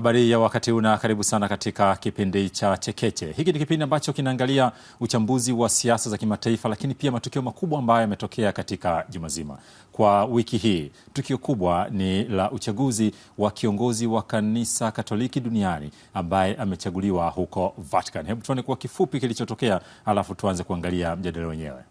Habari ya wakati huu na karibu sana katika kipindi cha Chekeche. Hiki ni kipindi ambacho kinaangalia uchambuzi wa siasa za kimataifa, lakini pia matukio makubwa ambayo yametokea katika juma zima. Kwa wiki hii, tukio kubwa ni la uchaguzi wa kiongozi wa kanisa Katoliki duniani ambaye amechaguliwa huko Vatican. Hebu tuone kwa kifupi kilichotokea, alafu tuanze kuangalia mjadala wenyewe.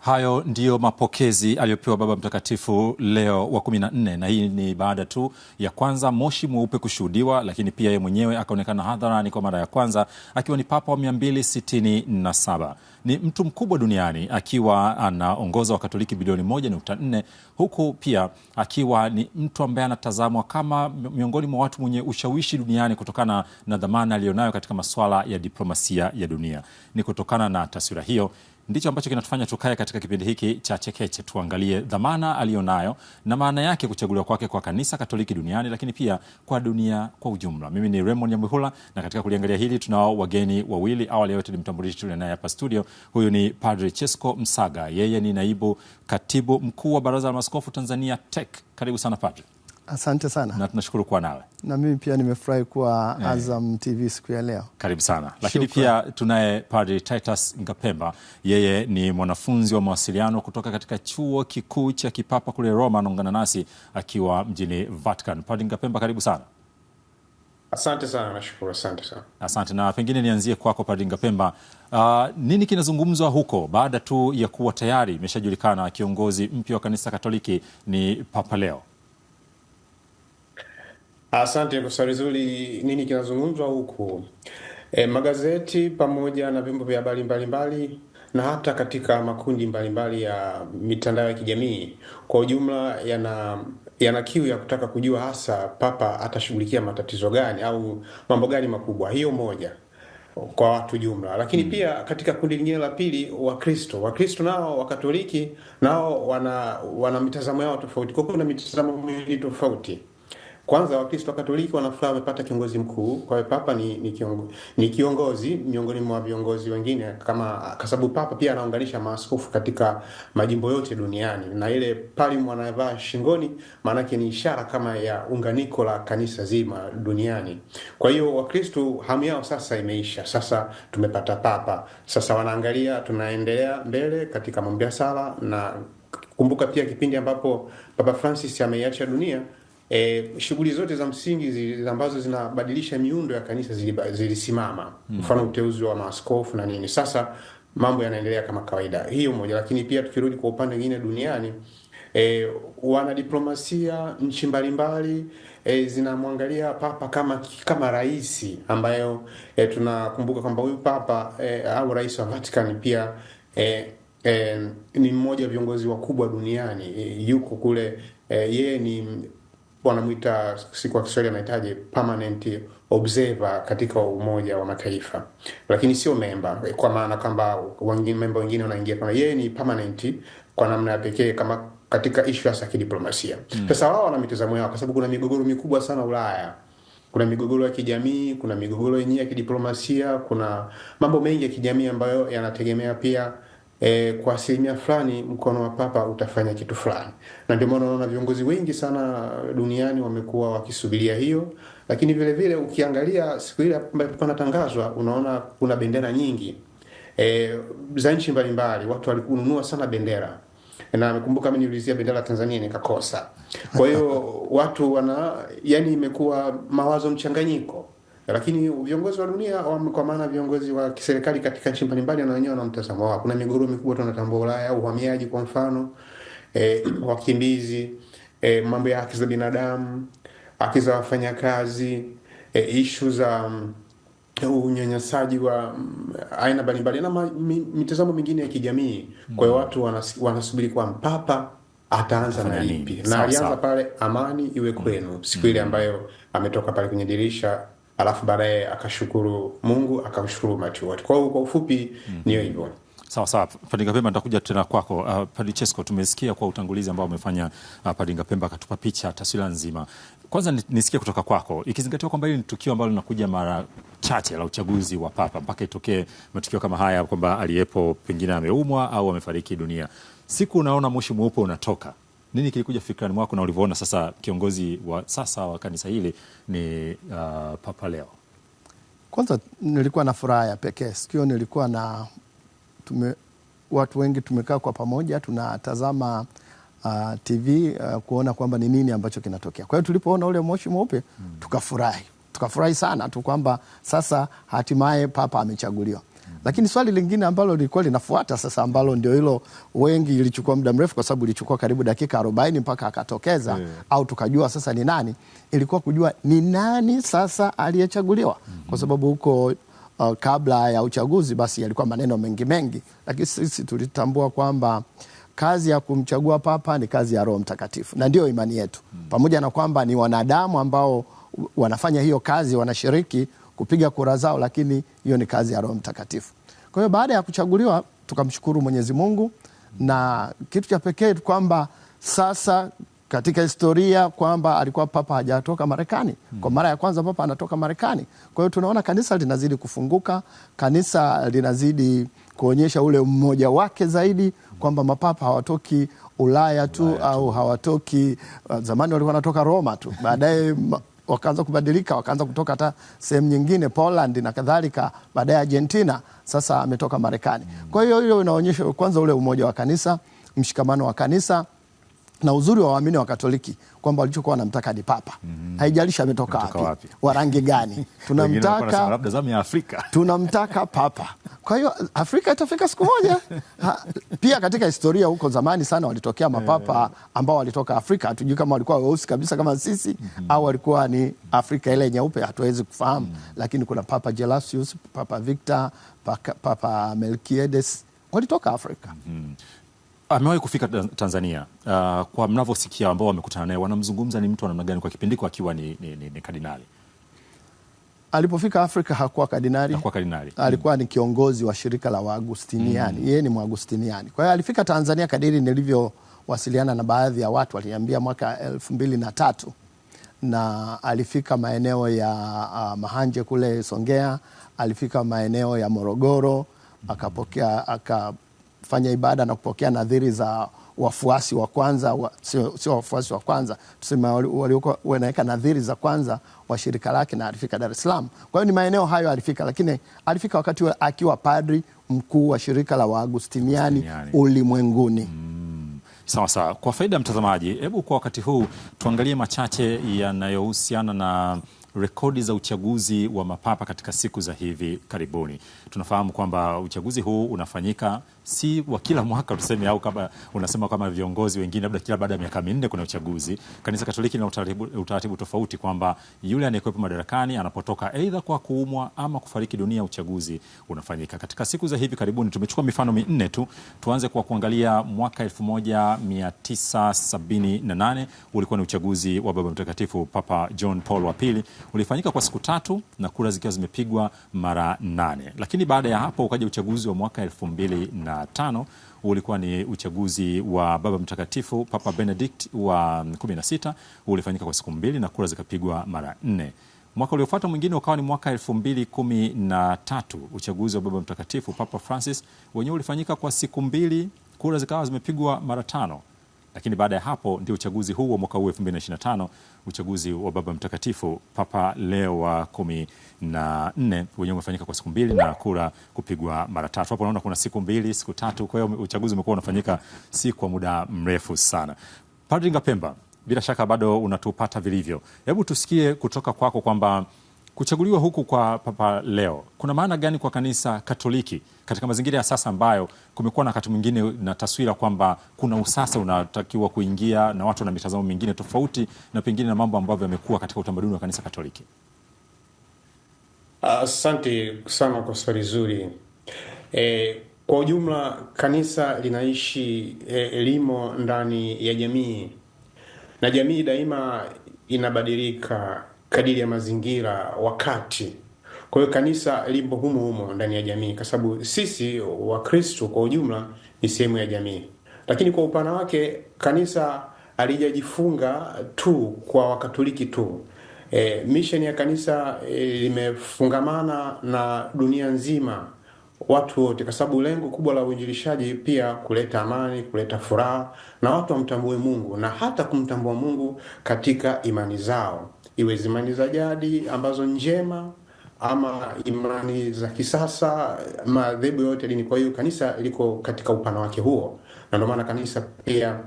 Hayo ndiyo mapokezi aliyopewa Baba Mtakatifu Leo wa kumi na nne, na hii ni baada tu ya kwanza moshi mweupe kushuhudiwa, lakini pia yeye mwenyewe akaonekana hadharani kwa mara ya kwanza akiwa ni Papa wa 267. Ni mtu mkubwa duniani akiwa anaongoza Wakatoliki bilioni 1.4, huku pia akiwa ni mtu ambaye anatazamwa kama miongoni mwa watu mwenye ushawishi duniani kutokana na dhamana aliyonayo katika masuala ya diplomasia ya dunia. Ni kutokana na taswira hiyo ndicho ambacho kinatufanya tukae katika kipindi hiki cha Chekeche tuangalie dhamana aliyonayo na maana yake kuchaguliwa kwake kwa kanisa Katoliki duniani, lakini pia kwa dunia kwa ujumla. Mimi ni Raymond Nyamwihula na katika kuliangalia hili tunao wageni wawili. Awali yote nimtambulishe tule naye hapa studio, huyu ni Padre Chesco Msaga, yeye ni naibu katibu mkuu wa Baraza la maskofu Tanzania TEC. Karibu sana Padre. Asante sana na tunashukuru kuwa nawe. Na mimi pia nimefurahi kuwa yeah, Azam TV siku ya leo. Karibu sana. Lakini pia tunaye Padri Titus Ngapemba, yeye ni mwanafunzi wa mawasiliano kutoka katika chuo kikuu cha Kipapa kule Roma, anaungana nasi akiwa mjini Vatican. Padri Ngapemba, karibu sana. Asante sana, nashukuru. Asante sana. Asante na pengine nianzie kwako Padri Ngapemba. Uh, nini kinazungumzwa huko baada tu ya kuwa tayari imeshajulikana kiongozi mpya wa kanisa Katoliki ni Papa Leo? Asante kwa swali zuri. Nini kinazungumzwa huku? E, magazeti pamoja na vyombo vya habari mbalimbali na hata katika makundi mbalimbali ya mitandao ya kijamii kwa ujumla yana yana kiu ya kutaka kujua hasa Papa atashughulikia matatizo gani au mambo gani makubwa. Hiyo moja kwa watu jumla, lakini hmm. pia katika kundi lingine la pili, Wakristo Wakristo nao Wakatoliki nao wana wana mitazamo yao tofauti, kwa kuna mitazamo miwili tofauti kwanza Wakristo Wakatoliki wanafuraha wamepata kiongozi mkuu. Kwa hiyo papa ni, ni, kiongo, ni kiongozi miongoni mwa viongozi wengine, kama kwa sababu papa pia anaunganisha maaskofu katika majimbo yote duniani, na ile palm wanavaa shingoni maanake ni ishara kama ya unganiko la kanisa zima duniani. Kwa hiyo Wakristo hamu yao sasa imeisha, sasa tumepata papa, sasa wanaangalia tunaendelea mbele katika mambo ya sala, na kumbuka pia kipindi ambapo Papa Francis ameiacha dunia E, shughuli zote za msingi ambazo zinabadilisha miundo ya kanisa zilisimama, hmm. mfano uteuzi wa maaskofu na nini. Sasa mambo yanaendelea kama kawaida, hiyo moja. Lakini pia tukirudi kwa upande mwingine duniani, e, wanadiplomasia nchi mbalimbali e, zinamwangalia papa kama, kama rais ambayo e, tunakumbuka kwamba huyu papa e, au rais wa Vatican pia e, e, ni mmoja wa viongozi wakubwa duniani e, yuko kule e, yeye ni wanamwita si kwa Kiswahili anahitaji permanent observer katika Umoja wa Mataifa, lakini sio memba, kwa maana kwamba memba wengine wanaingia kama yeye ni permanent kwa namna ya pekee kama katika ishu hasa kidiplomasia. Hmm. Sasa mm. wao wana mitazamo yao, kwa sababu kuna migogoro mikubwa sana Ulaya kuna migogoro ya kijamii, kuna migogoro yenyewe ya kidiplomasia, kuna mambo mengi ya kijamii ambayo yanategemea pia e, kwa asilimia fulani mkono wa papa utafanya kitu fulani, na ndio maana unaona viongozi wengi sana duniani wamekuwa wakisubiria hiyo. Lakini vile vile ukiangalia siku ile anatangazwa, unaona kuna bendera nyingi e, za nchi mbalimbali, watu walikununua sana bendera na nakumbuka mimi niulizia bendera Tanzania nikakosa. Kwa hiyo watu wana yani, imekuwa mawazo mchanganyiko lakini viongozi wa dunia kwa maana viongozi wa kiserikali katika nchi mbalimbali, na wenyewe wana wao. Kuna migogoro mikubwa tunatambua Ulaya, uhamiaji kwa mfano e, wakimbizi e, mambo ya haki za binadamu, haki za wafanyakazi e, ishu za mm, unyanyasaji wa mm, aina mbalimbali na mitazamo mingine ya kijamii. Kwa hiyo mm. watu wanas, wanasubiri kwa mpapa ataanza na lipi, na alianza pale, amani iwe kwenu, siku ile ambayo ametoka pale kwenye dirisha alafu baadaye akashukuru Mungu, akamshukuru umati wote. Kwa hiyo kwa ufupi mm. niyo hivyo. Sawa sawa, Padinga Pemba, nitakuja tena kwako. Uh, Padichesco, tumesikia kwa utangulizi ambao umefanya uh, Padinga Pemba akatupa picha taswira nzima. Kwanza nisikie kutoka kwako, ikizingatiwa kwamba hili ni tukio ambalo linakuja mara chache la uchaguzi wa papa, mpaka itokee matukio kama haya kwamba aliyepo pengine ameumwa au amefariki dunia, siku unaona moshi mweupe unatoka nini kilikuja fikirani mwako na ulivyoona sasa kiongozi wa sasa wa kanisa hili ni uh, Papa Leo? Kwanza nilikuwa na furaha ya pekee sikio, nilikuwa na tume, watu wengi tumekaa kwa pamoja tunatazama uh, TV uh, kuona kwamba ni nini ambacho kinatokea. Kwa hiyo tulipoona ule moshi mweupe hmm, tukafurahi tukafurahi sana tu kwamba sasa hatimaye papa amechaguliwa. Lakini swali lingine ambalo lilikuwa linafuata sasa, ambalo ndio hilo wengi, ilichukua muda mrefu, kwa sababu ilichukua karibu dakika 40 mpaka akatokeza yeah, au tukajua sasa ni nani, ilikuwa kujua ni nani sasa aliyechaguliwa mm -hmm. kwa sababu huko uh, kabla ya uchaguzi basi yalikuwa maneno mengi mengi, lakini sisi tulitambua kwamba kazi ya kumchagua papa ni kazi ya Roho Mtakatifu na ndio imani yetu mm -hmm. pamoja na kwamba ni wanadamu ambao wanafanya hiyo kazi, wanashiriki kupiga kura zao, lakini hiyo ni kazi ya Roho Mtakatifu. Kwa hiyo baada ya kuchaguliwa tukamshukuru Mwenyezi Mungu, na kitu cha pekee kwamba sasa katika historia kwamba alikuwa papa hajatoka Marekani kwa mara ya kwanza, papa anatoka Marekani. Kwa hiyo tunaona kanisa linazidi kufunguka, kanisa linazidi kuonyesha ule mmoja wake zaidi, kwamba mapapa hawatoki Ulaya tu Ulaya au hawatoki, uh, zamani walikuwa wanatoka Roma tu, baadaye wakaanza kubadilika, wakaanza kutoka hata sehemu nyingine Poland na kadhalika, baadaye Argentina, sasa ametoka Marekani. Kwa hiyo hiyo inaonyesha kwanza ule umoja wa kanisa, mshikamano wa kanisa na uzuri wa waamini wa Katoliki kwamba walichokuwa wanamtaka ni papa mm haijalishi ametoka wapi wa rangi gani, tunamtaka tunamtaka papa. Kwa hiyo Afrika itafika siku moja ha. Pia katika historia huko zamani sana walitokea mapapa eh. ambao walitoka Afrika, hatujui kama walikuwa weusi kabisa kama sisi mm -hmm. au walikuwa ni Afrika ile nyeupe, hatuwezi kufahamu mm -hmm. lakini kuna Papa Gelasius, Papa Victor, Papa Melkiedes walitoka Afrika mm -hmm amewahi kufika Tanzania uh, kwa mnavyosikia ambao wamekutana naye wanamzungumza ni mtu wa namna gani kwa kipindi akiwa ni, ni, ni, ni kardinali? Alipofika Afrika hakuwa kardinali, hakuwa kardinali. Alikuwa mm. ni kiongozi wa shirika la Waagustiniani mm. yeye ni Mwagustiniani. Kwa hiyo alifika Tanzania kadiri nilivyowasiliana na baadhi ya watu waliniambia mwaka elfu mbili na tatu na alifika maeneo ya uh, Mahanje kule Songea, alifika maeneo ya Morogoro akapokea aka fanya ibada na kupokea nadhiri za wafuasi wa kwanza wa, sio, sio wafuasi wa kwanza tuseme walioko wanaweka nadhiri za kwanza wa shirika lake na alifika Dar es Salaam. Kwa hiyo ni maeneo hayo alifika, lakini alifika wakati wa, akiwa padri mkuu wa shirika la Waagustiniani ulimwenguni. Mm. sawa sawa. Kwa faida ya mtazamaji, hebu kwa wakati huu tuangalie machache yanayohusiana na rekodi za uchaguzi wa mapapa katika siku za hivi karibuni tunafahamu kwamba uchaguzi huu unafanyika si wa kila mwaka tuseme, au kama unasema kama viongozi wengine labda kila baada ya miaka minne kuna uchaguzi. Kanisa Katoliki lina utaratibu, utaratibu tofauti kwamba yule anayekuwepo madarakani anapotoka aidha kwa kuumwa ama kufariki dunia, uchaguzi unafanyika. Katika siku za hivi karibuni tumechukua mifano minne tu. Tuanze kwa kuangalia mwaka 1978 ulikuwa ni uchaguzi wa Baba Mtakatifu Papa John Paul wa pili, ulifanyika kwa siku tatu na kura zikiwa zimepigwa mara nane, lakini lakini baada ya hapo ukaja uchaguzi wa mwaka elfu mbili na tano ulikuwa ni uchaguzi wa Baba Mtakatifu Papa Benedict wa sita ulifanyika kwa siku mbili na kura zikapigwa mara nne. Mwaka uliofuata mwingine ukawa ni mwaka elfu mbili kumi na tatu uchaguzi wa Baba Mtakatifu Papa Francis wenyewe ulifanyika kwa siku mbili, kura zikawa zimepigwa mara tano lakini baada ya hapo ndio uchaguzi huu wa mwaka huu 2025 uchaguzi wa Baba Mtakatifu Papa Leo wa kumi na nne wenyewe umefanyika kwa siku mbili na kura kupigwa mara tatu. Hapo unaona kuna siku mbili, siku tatu. Kwa hiyo uchaguzi umekuwa unafanyika si kwa muda mrefu sana. Padri Ngapemba, bila shaka bado unatupata vilivyo, hebu tusikie kutoka kwako kwamba Kuchaguliwa huku kwa Papa Leo kuna maana gani kwa kanisa Katoliki katika mazingira ya sasa ambayo kumekuwa na wakati mwingine na taswira kwamba kuna usasa unatakiwa kuingia na watu na mitazamo mingine tofauti na pengine na mambo ambavyo yamekuwa katika utamaduni wa kanisa Katoliki? Asante uh, sana kwa swali zuri. E, kwa ujumla kanisa linaishi elimo ndani ya jamii na jamii daima inabadilika kadiri ya mazingira, wakati. Kwa hiyo kanisa limbo humo humo ndani ya jamii, kwa sababu sisi Wakristo kwa ujumla ni sehemu ya jamii, lakini kwa upana wake kanisa alijajifunga tu kwa Wakatoliki tu. E, misheni ya kanisa e, limefungamana e, na dunia nzima, watu wote, kwa sababu lengo kubwa la uinjilishaji pia kuleta amani, kuleta furaha, na watu wamtambue Mungu na hata kumtambua Mungu katika imani zao iwe imani za jadi ambazo njema ama imani za kisasa, madhehebu yote dini. Kwa hiyo kanisa liko katika upana wake huo, na ndio maana kanisa pia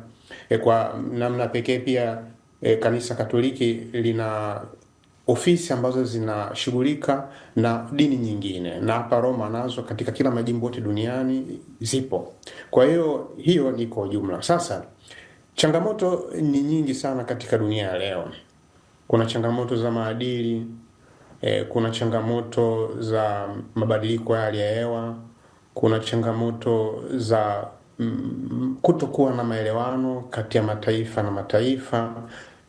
e, kwa namna pekee pia e, kanisa Katoliki lina ofisi ambazo zinashughulika na dini nyingine, na hapa Roma nazo katika kila majimbo yote duniani zipo. Kwa hiyo hiyo ni kwa ujumla. Sasa changamoto ni nyingi sana katika dunia ya leo kuna changamoto za maadili eh, kuna changamoto za mabadiliko ya hali ya hewa, kuna changamoto za mm, kutokuwa na maelewano kati ya mataifa na mataifa,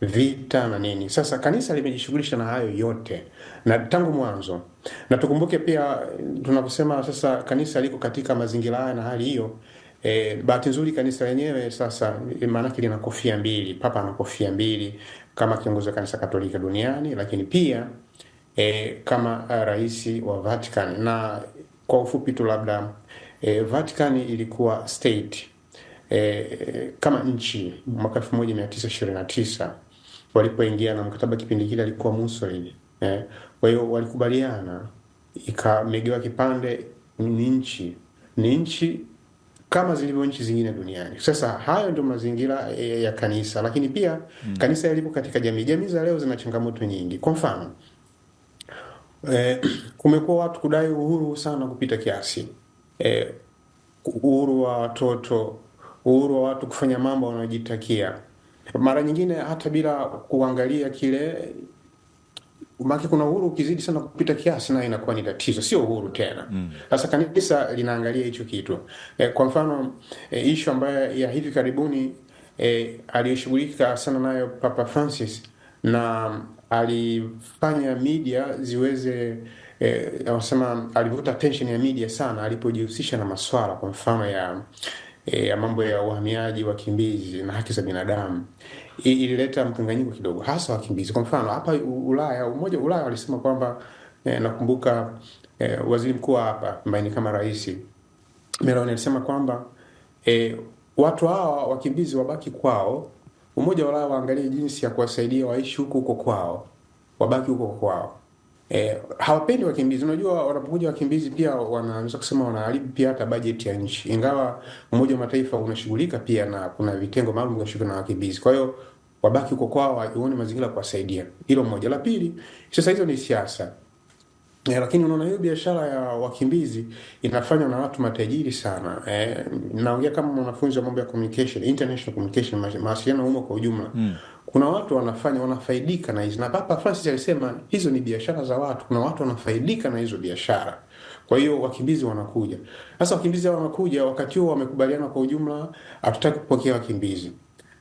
vita na nini. Sasa kanisa limejishughulisha na hayo yote na tangu mwanzo, na tukumbuke pia tunaposema sasa kanisa liko katika mazingira haya na hali hiyo E, bahati nzuri kanisa lenyewe sasa maanake lina kofia mbili, papa ana kofia mbili, kama kiongozi wa kanisa Katoliki duniani, lakini pia e, kama eh, rais wa Vatican. Na kwa ufupi tu labda e, Vatican ilikuwa state e, kama nchi mwaka 1929 walipoingia na mkataba, kipindi kile alikuwa Mussolini e, kwa hiyo walikubaliana, ikamegewa kipande, ni nchi ni nchi kama zilivyo nchi zingine duniani. Sasa hayo ndio mazingira e, ya kanisa, lakini pia mm. kanisa yalipo katika jamii. Jamii za leo zina changamoto nyingi. Kwa mfano e, kumekuwa watu kudai uhuru sana kupita kiasi e, uhuru wa watoto, uhuru wa watu kufanya mambo wanayojitakia, mara nyingine hata bila kuangalia kile maana kuna uhuru ukizidi sana kupita kiasi, nayo inakuwa ni tatizo, sio uhuru tena. Mm. Sasa mm. kanisa linaangalia hicho kitu e, kwa mfano e, ishu ambayo ya hivi karibuni e, aliyoshughulika sana nayo Papa Francis na alifanya media ziweze anasema e, alivuta tension ya media sana alipojihusisha na maswala kwa mfano ya e, ya mambo ya uhamiaji, wakimbizi na haki za binadamu ilileta mkanganyiko kidogo, hasa wakimbizi. Kwa mfano hapa Ulaya, umoja Ulaya walisema kwamba e, nakumbuka e, waziri mkuu hapa ambaye ni kama rais Meloni alisema kwamba e, watu hawa wakimbizi wabaki kwao, umoja wa Ulaya waangalie jinsi ya kuwasaidia waishi huko huko kwao, wabaki huko kwao E, hawapendi wakimbizi. Unajua, wanapokuja wakimbizi pia wanaweza kusema wanaharibu pia hata bajeti ya nchi, ingawa Umoja wa Mataifa unashughulika pia na kuna vitengo maalum vinashughulika na wakimbizi. Kwa hiyo wabaki huko kwao, waone mazingira kuwasaidia. Hilo moja. La pili, sasa hizo ni siasa e, lakini unaona hiyo biashara ya wakimbizi inafanywa na watu matajiri sana. E, naongea kama mwanafunzi wa mambo ya communication, international communication, mawasiliano humo kwa ujumla mm kuna watu wanafanya wanafaidika na hizi, na Papa Francis alisema hizo ni biashara za watu, kuna watu wanafaidika na hizo biashara. Kwa hiyo wakimbizi wanakuja. Sasa wakimbizi wanakuja, wakati huo wamekubaliana kwa ujumla, hatutaki kupokea wakimbizi.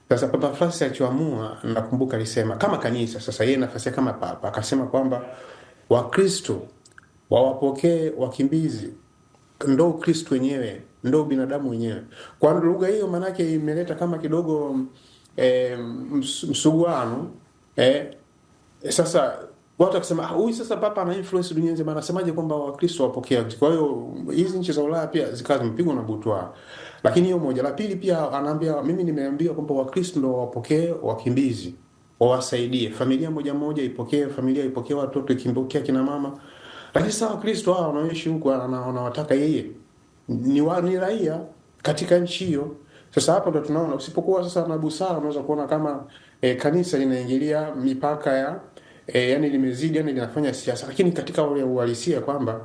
Sasa Papa Francis alichoamua, nakumbuka alisema kama kanisa, sasa yeye nafasi kama papa akasema kwamba Wakristo wawapokee wakimbizi, ndo Ukristo wenyewe, ndo binadamu wenyewe. Kwa lugha hiyo, maanake imeleta kama kidogo e, eh, ms, msuguano e, sasa watu wakisema ah, huyu sasa papa ana influence dunia nzima, anasemaje kwamba Wakristo wapokea? Kwa hiyo hizi nchi za Ulaya pia zikawa zimepigwa na butwa. lakini hiyo moja. La pili pia anaambia mimi nimeambiwa kwamba Wakristo ndo wapokee wakimbizi, wawasaidie familia moja moja, ipokee familia, ipokee watoto, ikimbokea kina mama. Lakini sasa Wakristo hao wanaishi huku wanawataka yeye ni, wa, ni raia katika nchi hiyo sasa hapo ndo tunaona usipokuwa sasa na busara, unaweza kuona kama e, kanisa linaingilia mipaka ya e, yani limezidi, yani linafanya siasa, lakini katika ule uhalisia kwamba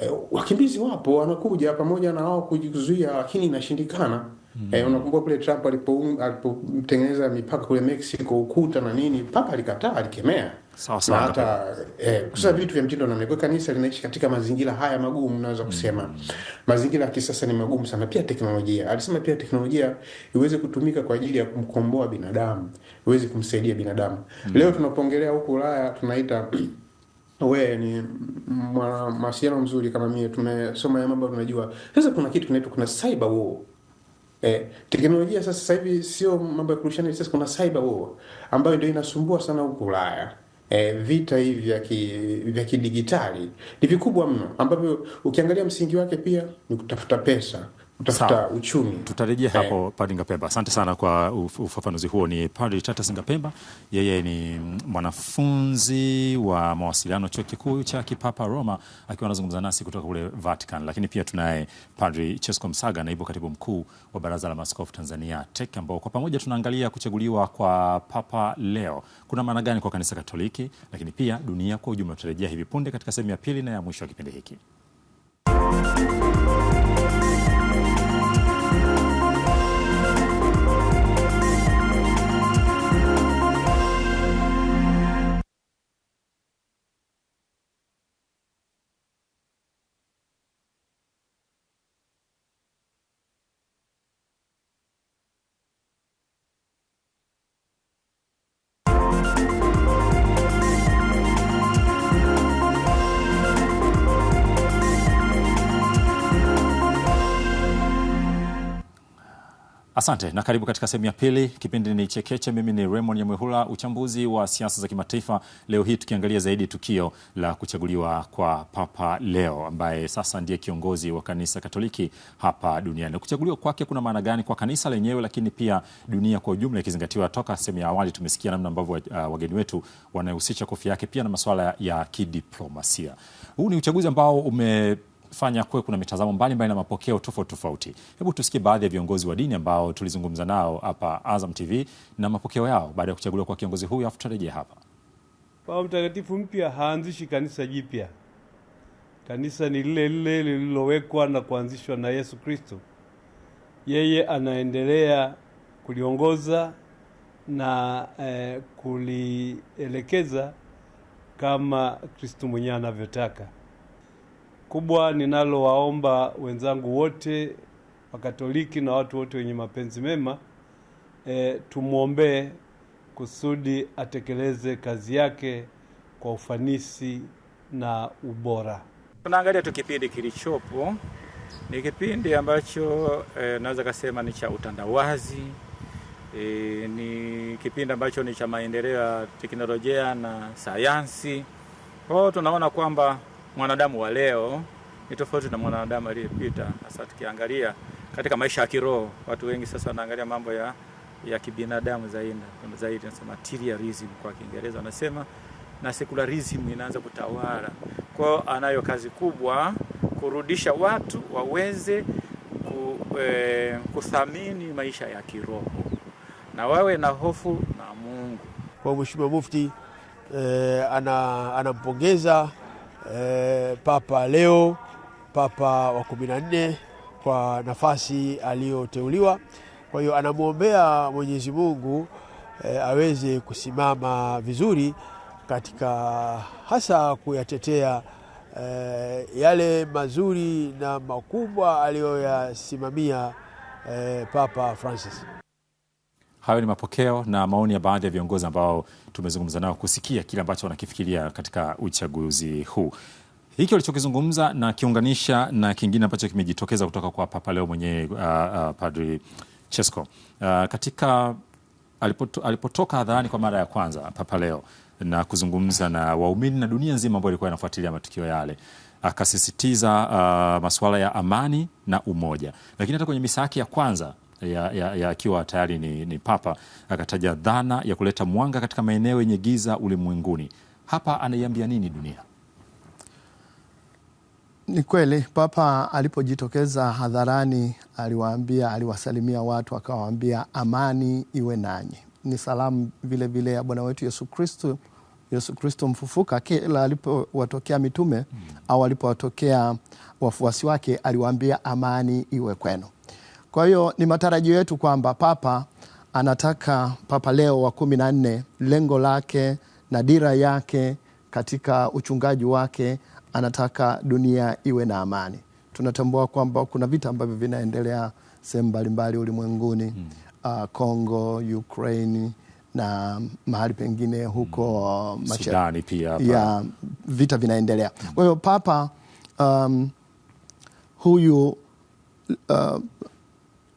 e, wakimbizi wapo wanakuja pamoja na wao kujizuia, lakini inashindikana. Mm -hmm. Eh, unakumbuka kule Trump alipotengeneza mipaka kule Mexico ukuta na nini, mpaka alikataa, alikemea sasa hata eh, kusa mm vitu vya mtindo na mekwe. Kanisa linaishi katika mazingira haya magumu, naweza kusema mm -hmm. mazingira ya kisasa ni magumu sana, pia teknolojia. Alisema pia teknolojia iweze kutumika kwa ajili ya kumkomboa binadamu, iweze kumsaidia binadamu mm -hmm. Leo tunapongelea huku Ulaya tunaita we ni mwana mawasiliano mzuri kama mie tumesoma ya mambo tunajua. Sasa kuna kitu kinaitwa kuna cyber war Eh, teknolojia sasa sasa hivi sio mambo ya kurushana risasi, kuna cyber war ambayo ndio inasumbua sana huko Ulaya. Eh, vita hivi vya ki, vya kidigitali ni vikubwa mno ambavyo ukiangalia msingi wake pia ni kutafuta pesa utafuta uchumi. Tutarejea eh, hapo Padri Ngapemba. Asante sana kwa ufafanuzi huo. Ni Padri Tatas Ngapemba, yeye ni mwanafunzi wa mawasiliano chuo kikuu cha Kipapa Roma, akiwa anazungumza nasi kutoka kule Vatican. Lakini pia tunaye Padri Chesco Msaga, naibu katibu mkuu wa Baraza la Maaskofu Tanzania TEC, ambao kwa pamoja tunaangalia kuchaguliwa kwa Papa leo kuna maana gani kwa kanisa Katoliki, lakini pia dunia kwa ujumla. Tutarejea hivi punde katika sehemu ya pili na ya mwisho wa kipindi hiki. Asante na karibu katika sehemu ya pili. Kipindi ni Chekeche, mimi ni Raymond Nyamwehula. Uchambuzi wa siasa za kimataifa leo hii tukiangalia zaidi tukio la kuchaguliwa kwa Papa Leo ambaye sasa ndiye kiongozi wa kanisa Katoliki hapa duniani. Kuchaguliwa kwake kuna maana gani kwa kanisa lenyewe, lakini pia dunia kwa ujumla, ikizingatiwa toka sehemu ya awali tumesikia namna ambavyo uh, wageni wetu wanahusisha kofia yake pia na masuala ya kidiplomasia. Huu ni uchaguzi ambao ume kufanya kuwe kuna mitazamo mbalimbali na mapokeo tofauti tofauti. Hebu tusikie baadhi ya viongozi wa dini ambao tulizungumza nao hapa Azam TV na mapokeo yao baada ya kuchaguliwa kwa kiongozi huyu, afu tutarejea hapa. Baba Mtakatifu mpya haanzishi kanisa jipya. Kanisa ni lile lile lililowekwa na kuanzishwa na Yesu Kristo. Yeye anaendelea kuliongoza na eh, kulielekeza kama Kristo mwenyewe anavyotaka. Kubwa ninalowaomba wenzangu wote Wakatoliki na watu wote wenye mapenzi mema e, tumwombee kusudi atekeleze kazi yake kwa ufanisi na ubora. Tunaangalia tu kipindi kilichopo, ni kipindi ambacho e, naweza kasema ni cha utandawazi e, ni kipindi ambacho ni cha maendeleo ya teknolojia na sayansi. Kwa hiyo tunaona kwamba mwanadamu wa leo ni tofauti na mwanadamu aliyepita, hasa tukiangalia katika maisha ya kiroho. Watu wengi sasa wanaangalia mambo ya, ya kibinadamu zaidi zaidi, nasema materialism kwa Kiingereza wanasema, na secularism inaanza kutawala kwao. Anayo kazi kubwa kurudisha watu waweze ku, e, kuthamini maisha ya kiroho na wawe na hofu na Mungu. Kwa Mheshimiwa Mufti eh, anampongeza ana eh, Papa Leo, Papa wa kumi na nne kwa nafasi aliyoteuliwa. Kwa hiyo anamwombea Mwenyezi Mungu eh, aweze kusimama vizuri katika hasa kuyatetea eh, yale mazuri na makubwa aliyoyasimamia eh, Papa Francis. Hayo ni mapokeo na maoni ya baadhi ya viongozi ambao tumezungumza nao kusikia kile ambacho wanakifikiria katika uchaguzi huu. Hiki walichokizungumza na kiunganisha na kingine ambacho kimejitokeza kutoka kwa Papa Leo mwenyewe, uh, uh, Padri Cesco uh, katika alipoto, alipotoka hadharani kwa mara ya kwanza Papa Leo na kuzungumza na waumini na dunia nzima ambayo ilikuwa inafuatilia matukio yale, akasisitiza uh, masuala ya amani na umoja, lakini hata kwenye misa yake ya kwanza ya, ya, ya akiwa tayari ni, ni Papa, akataja dhana ya kuleta mwanga katika maeneo yenye giza ulimwenguni. Hapa anaiambia nini dunia? Ni kweli Papa alipojitokeza hadharani aliwaambia, aliwasalimia watu akawaambia, amani iwe nanyi. Ni salamu vile vile ya Bwana wetu Yesu Kristo, Yesu Kristo mfufuka. Kila alipowatokea mitume hmm. au alipowatokea wafuasi wake aliwaambia, amani iwe kwenu. Kwa hiyo ni matarajio yetu kwamba Papa anataka Papa Leo wa kumi na nne, lengo lake na dira yake katika uchungaji wake, anataka dunia iwe na amani. Tunatambua kwamba kuna vita ambavyo vinaendelea sehemu mbalimbali ulimwenguni hmm. Uh, Kongo, Ukraine na mahali pengine huko mm. Sudani pia ya, vita vinaendelea hmm. Kwa hiyo Papa um, huyu uh,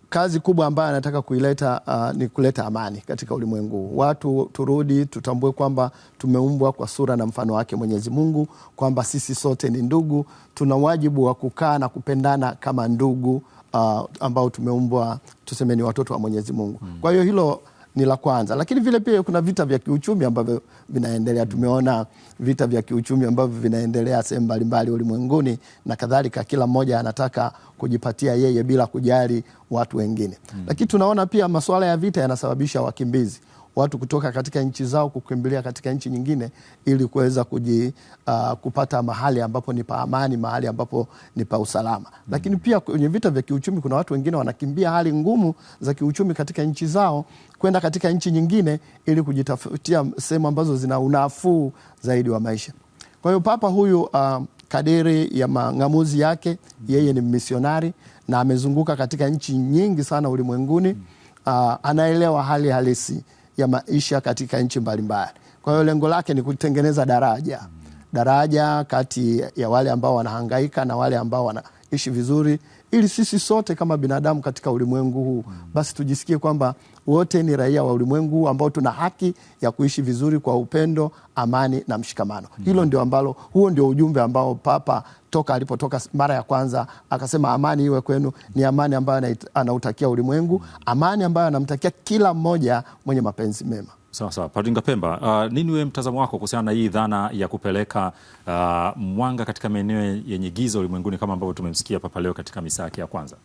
kazi kubwa ambayo anataka kuileta uh, ni kuleta amani katika ulimwengu. Watu turudi tutambue kwamba tumeumbwa kwa sura na mfano wake Mwenyezi Mungu, kwamba sisi sote ni ndugu, tuna wajibu wa kukaa na kupendana kama ndugu uh, ambao tumeumbwa tuseme ni watoto wa Mwenyezi Mungu. Mm. Kwa hiyo hilo ni la kwanza, lakini vile pia kuna vita vya kiuchumi ambavyo vinaendelea. Tumeona vita vya kiuchumi ambavyo vinaendelea sehemu mbalimbali ulimwenguni na kadhalika, kila mmoja anataka kujipatia yeye bila kujali watu wengine mm. Lakini tunaona pia masuala ya vita yanasababisha wakimbizi watu kutoka katika nchi zao kukimbilia katika nchi nyingine ili kuweza kuji, uh, kupata mahali ambapo ni pa amani, mahali ambapo ni pa usalama mm. Lakini pia kwenye vita vya kiuchumi kuna watu wengine wanakimbia hali ngumu za kiuchumi katika nchi zao kwenda katika nchi nyingine ili kujitafutia sehemu ambazo zina unafuu zaidi wa maisha. Kwa hiyo papa huyu uh, kadiri ya mang'amuzi yake, yeye ni misionari na amezunguka katika nchi nyingi sana ulimwenguni. Mm. Uh, anaelewa hali halisi ya maisha katika nchi mbalimbali. Kwa hiyo lengo lake ni kutengeneza daraja daraja kati ya wale ambao wanahangaika na wale ambao wanaishi vizuri, ili sisi sote kama binadamu katika ulimwengu huu basi tujisikie kwamba wote ni raia wa ulimwengu ambao tuna haki ya kuishi vizuri kwa upendo, amani na mshikamano. Mm. Hilo ndio ambalo, huo ndio ujumbe ambao Papa toka alipotoka mara ya kwanza akasema amani iwe kwenu, ni amani ambayo anautakia ulimwengu, amani ambayo anamtakia kila mmoja mwenye mapenzi mema. Sawa sawa, Padringa Pemba, uh, nini wewe mtazamo wako kuhusiana na hii dhana ya kupeleka uh, mwanga katika maeneo yenye giza ulimwenguni kama ambavyo tumemsikia Papa leo katika misa yake ya kwanza?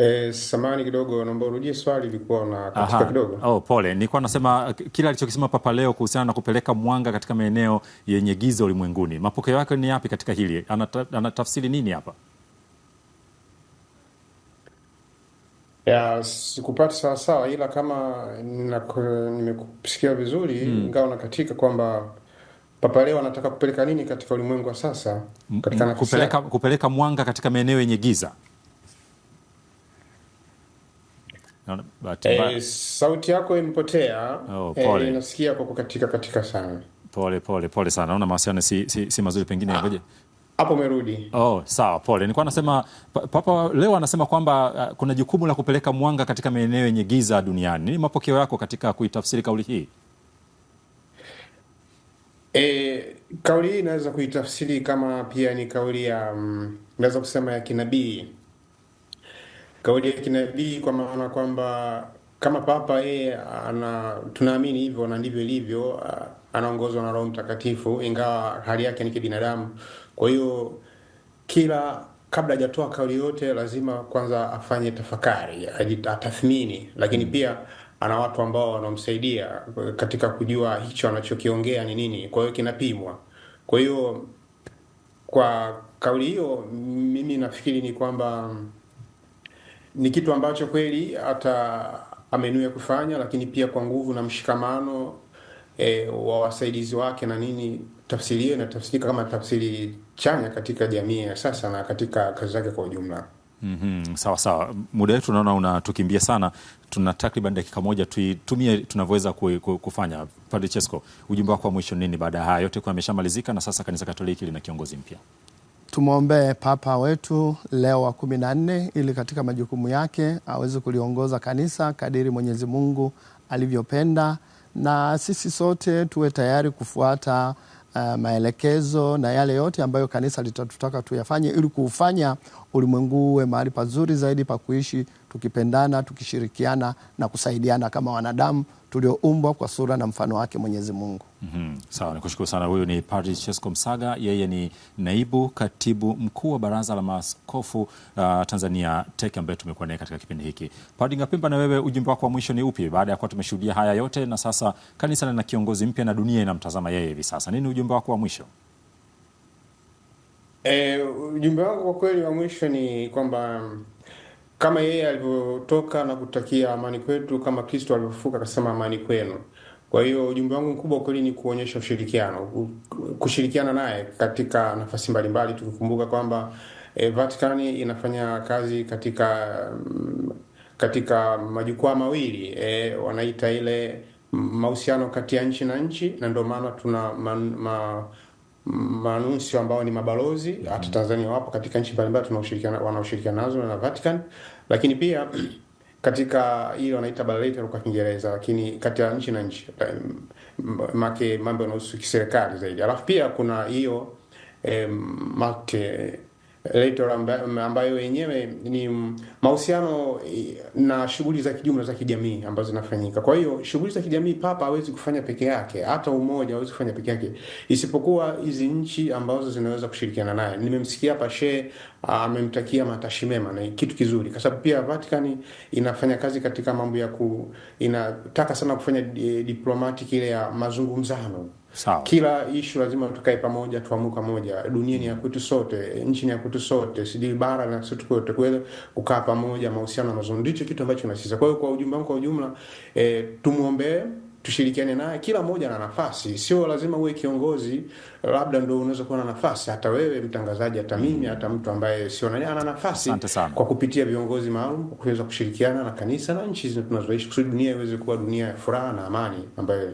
Eh, samani kidogo, naomba urudie swali, ilikuwa na katika kidogo. Oh, pole, nilikuwa nasema kila alichokisema Papa Leo kuhusiana na kupeleka mwanga katika maeneo yenye giza ulimwenguni, mapokeo yake ni yapi katika hili? Anatafsiri ana nini hapa? Ya, sikupata sawa sawa, ila kama nimekusikia vizuri hmm. ingawa mm, nakatika kwamba Papa Leo anataka kupeleka nini katika ulimwengu wa sasa katika kupeleka, kupeleka mwanga katika maeneo yenye giza E, sauti yako imepotea. Oh, eh, pole. E, nasikia kwa kukatika katika sana. Pole pole pole sana. Naona mawasiliano si, si, si mazuri pengine ah. Hapo umerudi. Oh, sawa, pole. Nilikuwa nasema Papa leo anasema kwamba uh, kuna jukumu la kupeleka mwanga katika maeneo yenye giza duniani. Nini mapokeo yako katika kuitafsiri kauli hii? E, kauli hii inaweza kuitafsiri kama pia ni kauli ya um, mm, naweza kusema ya kinabii kauli ya kinabii kwa maana kwamba kama papa yeye ana tunaamini hivyo na ndivyo ilivyo, anaongozwa na Roho Mtakatifu, ingawa hali yake ni kibinadamu. Kwa hiyo kila kabla hajatoa kauli yote, lazima kwanza afanye tafakari, atathmini, lakini pia ana watu ambao wanamsaidia katika kujua hicho anachokiongea ni nini. Kwa hiyo kinapimwa. Kwa hiyo kwa kauli hiyo, mimi nafikiri ni kwamba ni kitu ambacho kweli hata amenuia kufanya, lakini pia kwa nguvu na mshikamano e, wa wasaidizi wake na nini, tafsiri hiyo inatafsirika kama tafsiri chanya katika jamii ya sasa na katika kazi zake kwa ujumla. Mm -hmm. Sawa sawa, muda wetu naona unatukimbia sana, tuna takriban dakika moja, tuitumie tunavyoweza kufanya. Padre Chesco, ujumbe wako wa mwisho nini baada ya haya yote kuwa ameshamalizika na sasa kanisa Katoliki lina kiongozi mpya? Tumwombee Papa wetu Leo wa kumi na nne ili katika majukumu yake aweze kuliongoza kanisa kadiri Mwenyezi Mungu alivyopenda, na sisi sote tuwe tayari kufuata uh, maelekezo na yale yote ambayo kanisa litatutaka tuyafanye ili kuufanya ulimwengu uwe mahali pazuri zaidi pa kuishi, tukipendana, tukishirikiana na kusaidiana kama wanadamu tulioumbwa kwa sura na mfano wake Mwenyezi Mungu. mm -hmm. Sawa, nikushukuru sana. Huyu ni Padri Chesco Msaga, yeye ni naibu katibu mkuu wa Baraza la Maaskofu uh, Tanzania TEC, ambaye tumekuwa naye katika kipindi hiki. Padri Ngapimba, na wewe ujumbe wako wa mwisho ni upi, baada ya kuwa tumeshuhudia haya yote na sasa kanisa lina kiongozi mpya na dunia inamtazama yeye hivi sasa, nini ujumbe wako wa mwisho? E, ujumbe wangu kwa kweli wa mwisho ni kwamba kama yeye alivyotoka na kutakia amani kwetu, kama Kristo alivyofuka akasema amani kwenu. Kwa hiyo ujumbe wangu mkubwa kweli ni kuonyesha ushirikiano, kushirikiana naye katika nafasi mbalimbali, tukikumbuka kwamba e, Vatikani inafanya kazi katika katika majukwaa mawili e, wanaita ile mahusiano kati ya nchi na nchi, na ndio maana tuna ma, ma, manuncio ambao ni mabalozi mhm. hata mm -hmm. Tanzania wapo katika nchi mbalimbali wanaoshirikiana nazo na Vatican, lakini pia katika ile wanaita bilateral kwa Kiingereza, lakini kati ya nchi na nchi eh, make mambo yanahusu kiserikali zaidi, alafu pia kuna hiyo eh, eh electoral ambayo yenyewe ni mahusiano eh, na shughuli za kijumla za kijamii ambazo zinafanyika. Kwa hiyo shughuli za kijamii papa hawezi kufanya peke yake, hata umoja hawezi kufanya peke yake, isipokuwa hizi nchi ambazo zinaweza kushirikiana naye. Nimemsikia hapa she ah, amemtakia matashi mema, na kitu kizuri, kwa sababu pia Vatican inafanya kazi katika mambo ya ku, inataka sana kufanya eh, diplomatic ile ya mazungumzano Sawa. Kila ishu lazima tukae pamoja, tuamue pamoja. Dunia ni ya kwetu sote, nchi ni ya kwetu sote, sijui bara na sote kwetu, kuweza kukaa pamoja, mahusiano mazuri, ndicho kitu ambacho tunasisitiza. Kwa hiyo kwa ujumbe wangu, kwa ujumla e, eh, tumwombee tushirikiane naye. Kila mmoja na nafasi, sio lazima uwe kiongozi, labda ndo unaweza kuwa na nafasi. Hata wewe mtangazaji, hata mimi, hata mtu ambaye sio nani ana nafasi, kwa kupitia viongozi maalum kuweza kushirikiana na kanisa na nchi zinazoishi, kusudi dunia iweze kuwa dunia ya furaha na amani, ambayo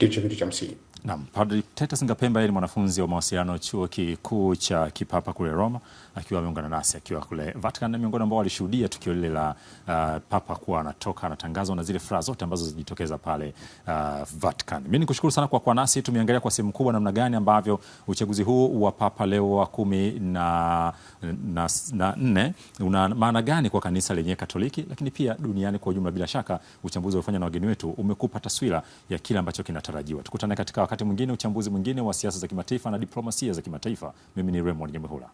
ndicho kitu cha msingi. Naam, Padri Titus Ngapemba yeye ni mwanafunzi wa mawasiliano chuo kikuu cha Kipapa kule Roma, akiwa ameungana nasi akiwa kule Vatican na miongoni ambao walishuhudia tukio lile la uh, Papa kuwa anatoka anatangazwa na zile furaha zote ambazo zilijitokeza pale uh, Vatican. Mimi nikushukuru sana kwa kuwa nasi, tumeangalia kwa sehemu kubwa namna gani ambavyo uchaguzi huu wa Papa Leo wa kumi na na, na nne una maana gani kwa kanisa lenye Katoliki, lakini pia duniani kwa ujumla. Bila shaka uchambuzi uliofanywa na wageni wetu umekupa taswira ya kile ambacho kinatarajiwa. Tukutane katika wakati wakati mwingine, uchambuzi mwingine wa siasa za kimataifa na diplomasia za kimataifa. Mimi ni Raymond Nyamwihula.